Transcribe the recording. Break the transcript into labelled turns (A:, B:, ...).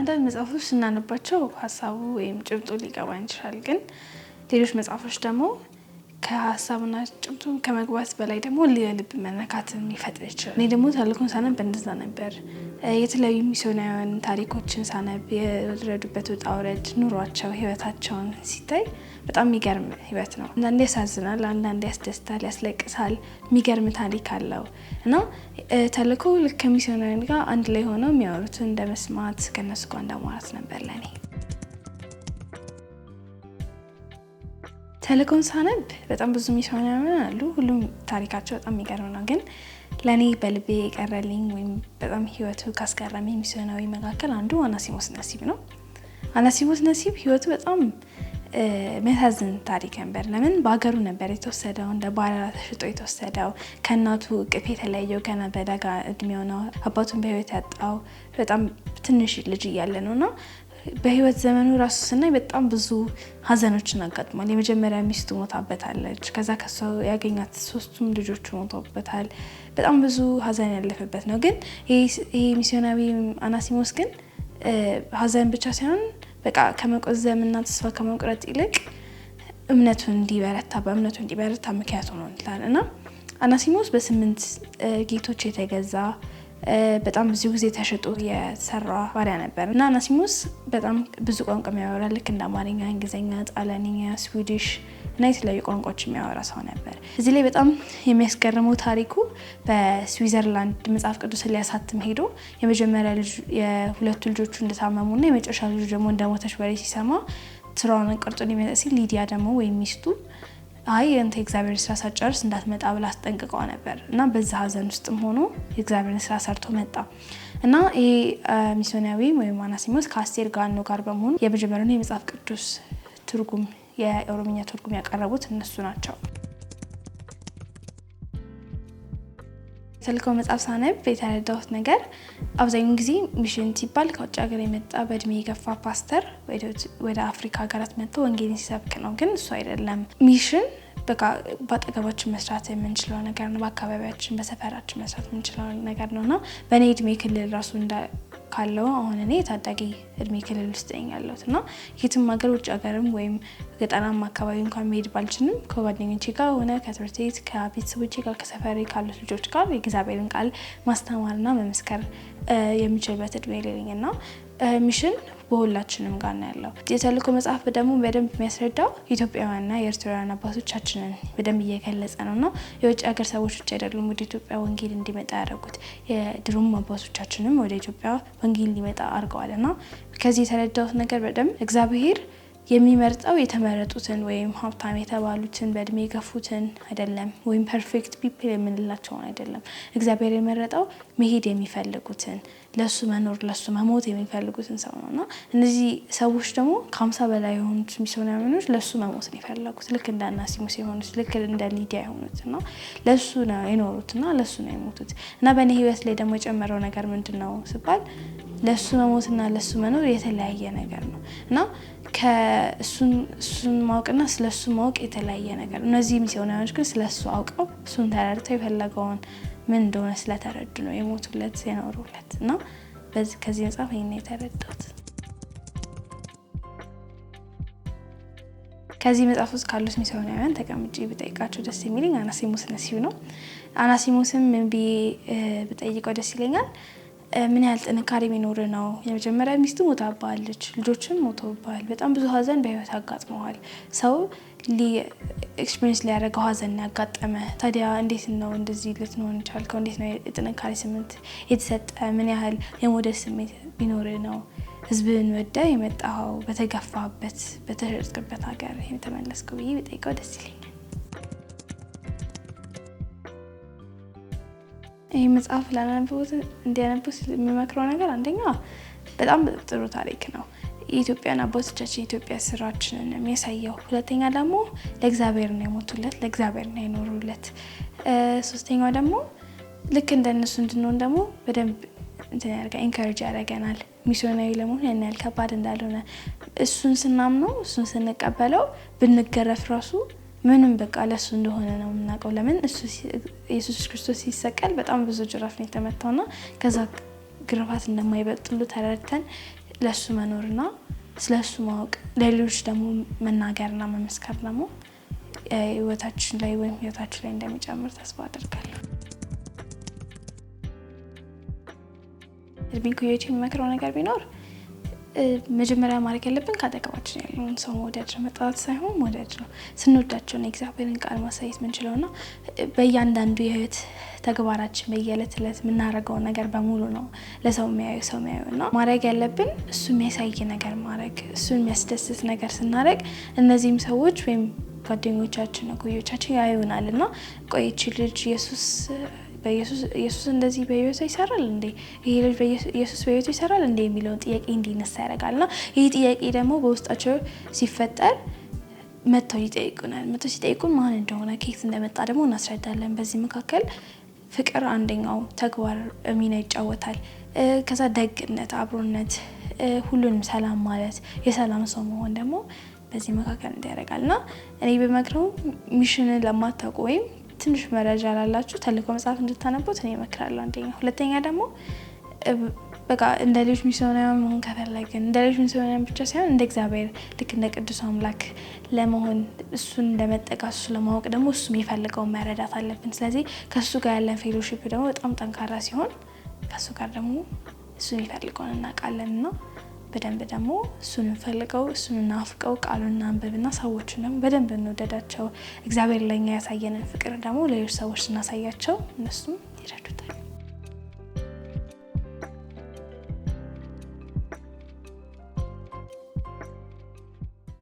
A: አንዳንድ መጽሐፎች ስናነባቸው ሀሳቡ ወይም ጭብጡ ሊገባ እንችላል። ግን ሌሎች መጽሐፎች ደግሞ ከሀሳብና ጭምቱ ከመግባት በላይ ደግሞ የልብ መነካትን ሊፈጥር ይችላል። እኔ ደግሞ ታሪኩን ሳነብ በእንደዛ ነበር። የተለያዩ ሚስዮናውያን ታሪኮችን ሳነብ የወረዱበት ውጣ ውረድ፣ ኑሯቸው፣ ህይወታቸውን ሲታይ በጣም የሚገርም ህይወት ነው። አንዳንዴ ያሳዝናል፣ አንዳንዴ ያስደስታል፣ ያስለቅሳል። የሚገርም ታሪክ አለው እና ተልእኮ ልክ ከሚስዮናውያን ጋር አንድ ላይ ሆነው የሚያወሩትን እንደመስማት ከነሱ ጋር እንደማውራት ነበር ለኔ። ፈለገውን ሳነብ በጣም ብዙ ሚስዮናውያን አሉ። ሁሉም ታሪካቸው በጣም የሚገርም ነው። ግን ለእኔ በልቤ የቀረልኝ ወይም በጣም ህይወቱ ካስገረመኝ ሚስዮናዊ መካከል አንዱ አናሲሞስ ነሲብ ነው። አናሲሞስ ነሲብ ህይወቱ በጣም የሚያሳዝን ታሪክ ነበር። ለምን በሀገሩ ነበር የተወሰደው፣ እንደ ባሪያ ተሽጦ የተወሰደው፣ ከእናቱ እቅፍ የተለያየው ገና በለጋ እድሜው ነው። አባቱን በህይወት ያጣው በጣም ትንሽ ልጅ እያለ ነው እና በህይወት ዘመኑ ራሱ ስናይ በጣም ብዙ ሀዘኖችን አጋጥሟል። የመጀመሪያ ሚስቱ ሞታበታለች። ከዛ ከሷ ያገኛት ሶስቱም ልጆቹ ሞተውበታል። በጣም ብዙ ሀዘን ያለፈበት ነው። ግን ይሄ ሚስዮናዊ አናሲሞስ ግን ሀዘን ብቻ ሳይሆን በቃ እና ተስፋ ከመቁረጥ ይልቅ እምነቱን እንዲበረታ በእምነቱ እንዲበረታ ምክንያቱ ነው እንላል እና አናሲሞስ በስምንት ጌቶች የተገዛ በጣም ብዙ ጊዜ ተሸጦ የሰራ ባሪያ ነበር እና አናሲሞስ በጣም ብዙ ቋንቋ የሚያወራ ልክ እንደ አማርኛ፣ እንግሊዝኛ፣ ጣሊያንኛ፣ ስዊዲሽ እና የተለያዩ ቋንቋዎች የሚያወራ ሰው ነበር። እዚህ ላይ በጣም የሚያስገርመው ታሪኩ በስዊዘርላንድ መጽሐፍ ቅዱስ ሊያሳትም ሄዶ የመጀመሪያ ልጅ የሁለቱ ልጆቹ እና የመጨረሻ ልጁ ደግሞ እንደሞተች በሬ ሲሰማ ስራውን ቅርጡን የሚመጣ ሲል ሊዲያ ደግሞ ወይም ሚስቱ አይ አንተ የእግዚአብሔር ስራ ሳጨርስ እንዳትመጣ ብላ አስጠንቅቀው ነበር እና በዛ ሀዘን ውስጥም ሆኖ የእግዚአብሔርን ስራ ሰርቶ መጣ እና ይህ ሚስዮናዊ ወይም አናሲሞስ ከአስቴር ጋኖ ጋር በመሆኑ የመጀመሪያውን የመጽሐፍ ቅዱስ ትርጉም የኦሮምኛ ትርጉም ያቀረቡት እነሱ ናቸው። ስልኮ መጽሐፍ ሳነብ የተረዳሁት ነገር አብዛኛውን ጊዜ ሚሽን ሲባል ከውጭ ሀገር የመጣ በእድሜ የገፋ ፓስተር ወደ አፍሪካ ሀገራት መጥቶ ወንጌልን ሲሰብክ ነው። ግን እሱ አይደለም ሚሽን በአጠገባችን መስራት የምንችለው ነገር ነው። በአካባቢያችን በሰፈራችን መስራት የምንችለው ነገር ነው እና በእኔ እድሜ ክልል ራሱ ካለው አሁን እኔ ታዳጊ እድሜ ክልል ውስጥ ነኝ ያለሁት እና የትም ሀገር ውጭ ሀገርም ወይም ገጠራማ አካባቢ እንኳን መሄድ ባልችልም ከጓደኞቼ ጋር ሆነ ከትምህርት ቤት ከቤተሰቦቼ ጋር ከሰፈሬ ካሉት ልጆች ጋር የእግዚአብሔርን ቃል ማስተማርና መመስከር የሚችልበት እድሜ ሌለኝ እና ሚሽን በሁላችንም ጋር ነው ያለው። የተልእኮ መጽሐፍ ደግሞ በደንብ የሚያስረዳው ኢትዮጵያውያንና የኤርትራውያን አባቶቻችንን በደንብ እየገለጸ ነው ና የውጭ ሀገር ሰዎች ውጭ አይደሉም ወደ ኢትዮጵያ ወንጌል እንዲመጣ ያደረጉት የድሮም አባቶቻችንም ወደ ኢትዮጵያ ወንጌል እንዲመጣ አድርገዋል ና ከዚህ የተረዳሁት ነገር በደንብ እግዚአብሔር የሚመርጠው የተመረጡትን ወይም ሀብታም የተባሉትን በእድሜ የገፉትን አይደለም፣ ወይም ፐርፌክት ፒፕል የምንላቸውን አይደለም። እግዚአብሔር የመረጠው መሄድ የሚፈልጉትን ለሱ መኖር ለሱ መሞት የሚፈልጉትን ሰው ነው እና እነዚህ ሰዎች ደግሞ ከሀምሳ በላይ የሆኑት ሚስዮናውያኖች ለሱ መሞት ነው የፈለጉት። ልክ እንደ አናሲሙስ የሆኑት ልክ እንደ ሊዲያ የሆኑት እና ለሱ ነው የኖሩት እና ለሱ ነው የሞቱት እና በእኔ ህይወት ላይ ደግሞ የጨመረው ነገር ምንድን ነው ስባል ለሱ መሞትና ለሱ መኖር የተለያየ ነገር ነው እና ከእሱን ማወቅና ስለሱ ማወቅ የተለያየ ነገር። እነዚህ ሚስዮናውያኖች ግን ስለሱ አውቀው እሱን ተረድተው የፈለገውን ምን እንደሆነ ስለተረዱ ነው የሞቱለት የኖሩለት እና በዚህ ከዚህ መጽሐፍ ይህን የተረዳሁት። ከዚህ መጽሐፍ ውስጥ ካሉት ሚስዮናውያን ተቀምጬ ብጠይቃቸው ደስ የሚለኝ አናሲሞስ ነሲሁ ነው። አናሲሞስም ምን ብዬ ብጠይቀው ደስ ይለኛል? ምን ያህል ጥንካሬ የሚኖር ነው። የመጀመሪያ ሚስቱ ሞታባለች፣ ልጆችም ሞተውባል። በጣም ብዙ ሀዘን በህይወት አጋጥመዋል። ሰው ኤክስፒሪንስ ሊያደረገው ሀዘን ያጋጠመ ታዲያ እንዴት ነው እንደዚህ ልትሆን ቻልከው? እንዴት ነው የጥንካሬ ስምንት የተሰጠ? ምን ያህል የሞደ ስሜት ቢኖር ነው ህዝብን ወደ የመጣኸው በተገፋበት በተሸጥቅበት ሀገር የተመለስከው ብዬ ብጠይቀው ደስ ይለኛል። ይህ መጽሐፍ ላነበቡት እንዲያነቡት የሚመክረው ነገር አንደኛ በጣም ጥሩ ታሪክ ነው። የኢትዮጵያን አባቶቻችን የኢትዮጵያ ስራችንን የሚያሳየው። ሁለተኛ ደግሞ ለእግዚአብሔር ነው የሞቱለት፣ ለእግዚአብሔር ነው የኖሩለት። ሶስተኛው ደግሞ ልክ እንደነሱ እንድንሆን ደግሞ በደንብ እንትን ያደርጋል፣ ኢንካሬጅ ያደርገናል። ሚስዮናዊ ለመሆን ያን ያህል ከባድ እንዳልሆነ እሱን ስናምነው እሱን ስንቀበለው ብንገረፍ ራሱ ምንም በቃ ለእሱ እንደሆነ ነው የምናውቀው። ለምን ኢየሱስ ክርስቶስ ሲሰቀል በጣም ብዙ ጅራፍ ነው የተመታውና ከዛ ግርፋት እንደማይበጥሉ ተረድተን ለእሱ መኖርና ስለ እሱ ማወቅ ለሌሎች ደግሞ መናገርና መመስከር ደግሞ ህይወታችን ላይ ወይም ህይወታችን ላይ እንደሚጨምር ተስፋ አድርጋለሁ። እድሜ ኩዮች የሚመክረው ነገር ቢኖር መጀመሪያ ማድረግ ያለብን ከአጠገባችን ያለውን ሰው መውደድ መጥራት ሳይሆን መውደድ ነው። ስንወዳቸውን የእግዚአብሔርን ቃል ማሳየት ምንችለው ና በእያንዳንዱ የህይወት ተግባራችን በየዕለት ዕለት የምናደርገውን ነገር በሙሉ ነው ለሰው የሚያዩ ሰው የሚያዩ ና ማድረግ ያለብን እሱ የሚያሳይ ነገር ማድረግ እሱ የሚያስደስት ነገር ስናደርግ እነዚህም ሰዎች ወይም ጓደኞቻችን፣ ጉዮቻችን ያዩናል ና ቆይቺ ልጅ ኢየሱስ በኢየሱስ እንደዚህ በህይወቱ ይሰራል እንዴ ይሄ ልጅ በኢየሱስ በህይወቱ ይሰራል እንዴ የሚለውን ጥያቄ እንዲነሳ ያደርጋል። እና ይህ ጥያቄ ደግሞ በውስጣቸው ሲፈጠር መጥተው ይጠይቁናል። መጥተው ሲጠይቁን ማን እንደሆነ ከየት እንደመጣ ደግሞ እናስረዳለን። በዚህ መካከል ፍቅር አንደኛው ተግባር ሚና ይጫወታል። ከዛ ደግነት፣ አብሮነት፣ ሁሉንም ሰላም ማለት የሰላም ሰው መሆን ደግሞ በዚህ መካከል እንዲያደርጋል እና እኔ በመክረው ሚሽንን ለማታውቁ ወይም ትንሽ መረጃ ላላችሁ ተልእኮ መጽሐፍ እንድታነቡት እኔ እመክራለሁ። አንደኛ። ሁለተኛ ደግሞ በቃ እንደ ሌሎች ሚስዮናውያን መሆን ከፈለግን እንደ ሌሎች ሚስዮናውያን ብቻ ሳይሆን እንደ እግዚአብሔር ልክ እንደ ቅዱስ አምላክ ለመሆን እሱን እንደመጠቃ እሱ ለማወቅ ደግሞ እሱም የፈለገውን መረዳት አለብን። ስለዚህ ከእሱ ጋር ያለን ፌሎሺፕ ደግሞ በጣም ጠንካራ ሲሆን ከእሱ ጋር ደግሞ እሱ የሚፈልገውን እናውቃለን ነው በደንብ ደግሞ እሱን እንፈልገው፣ እሱን እናፍቀው፣ ቃሉን እናንብብና ደግሞ በደንብ እንወደዳቸው። እግዚአብሔር ለኛ ያሳየንን ፍቅር ደግሞ ሌሎች ሰዎች ስናሳያቸው እነሱም ይረዱታል።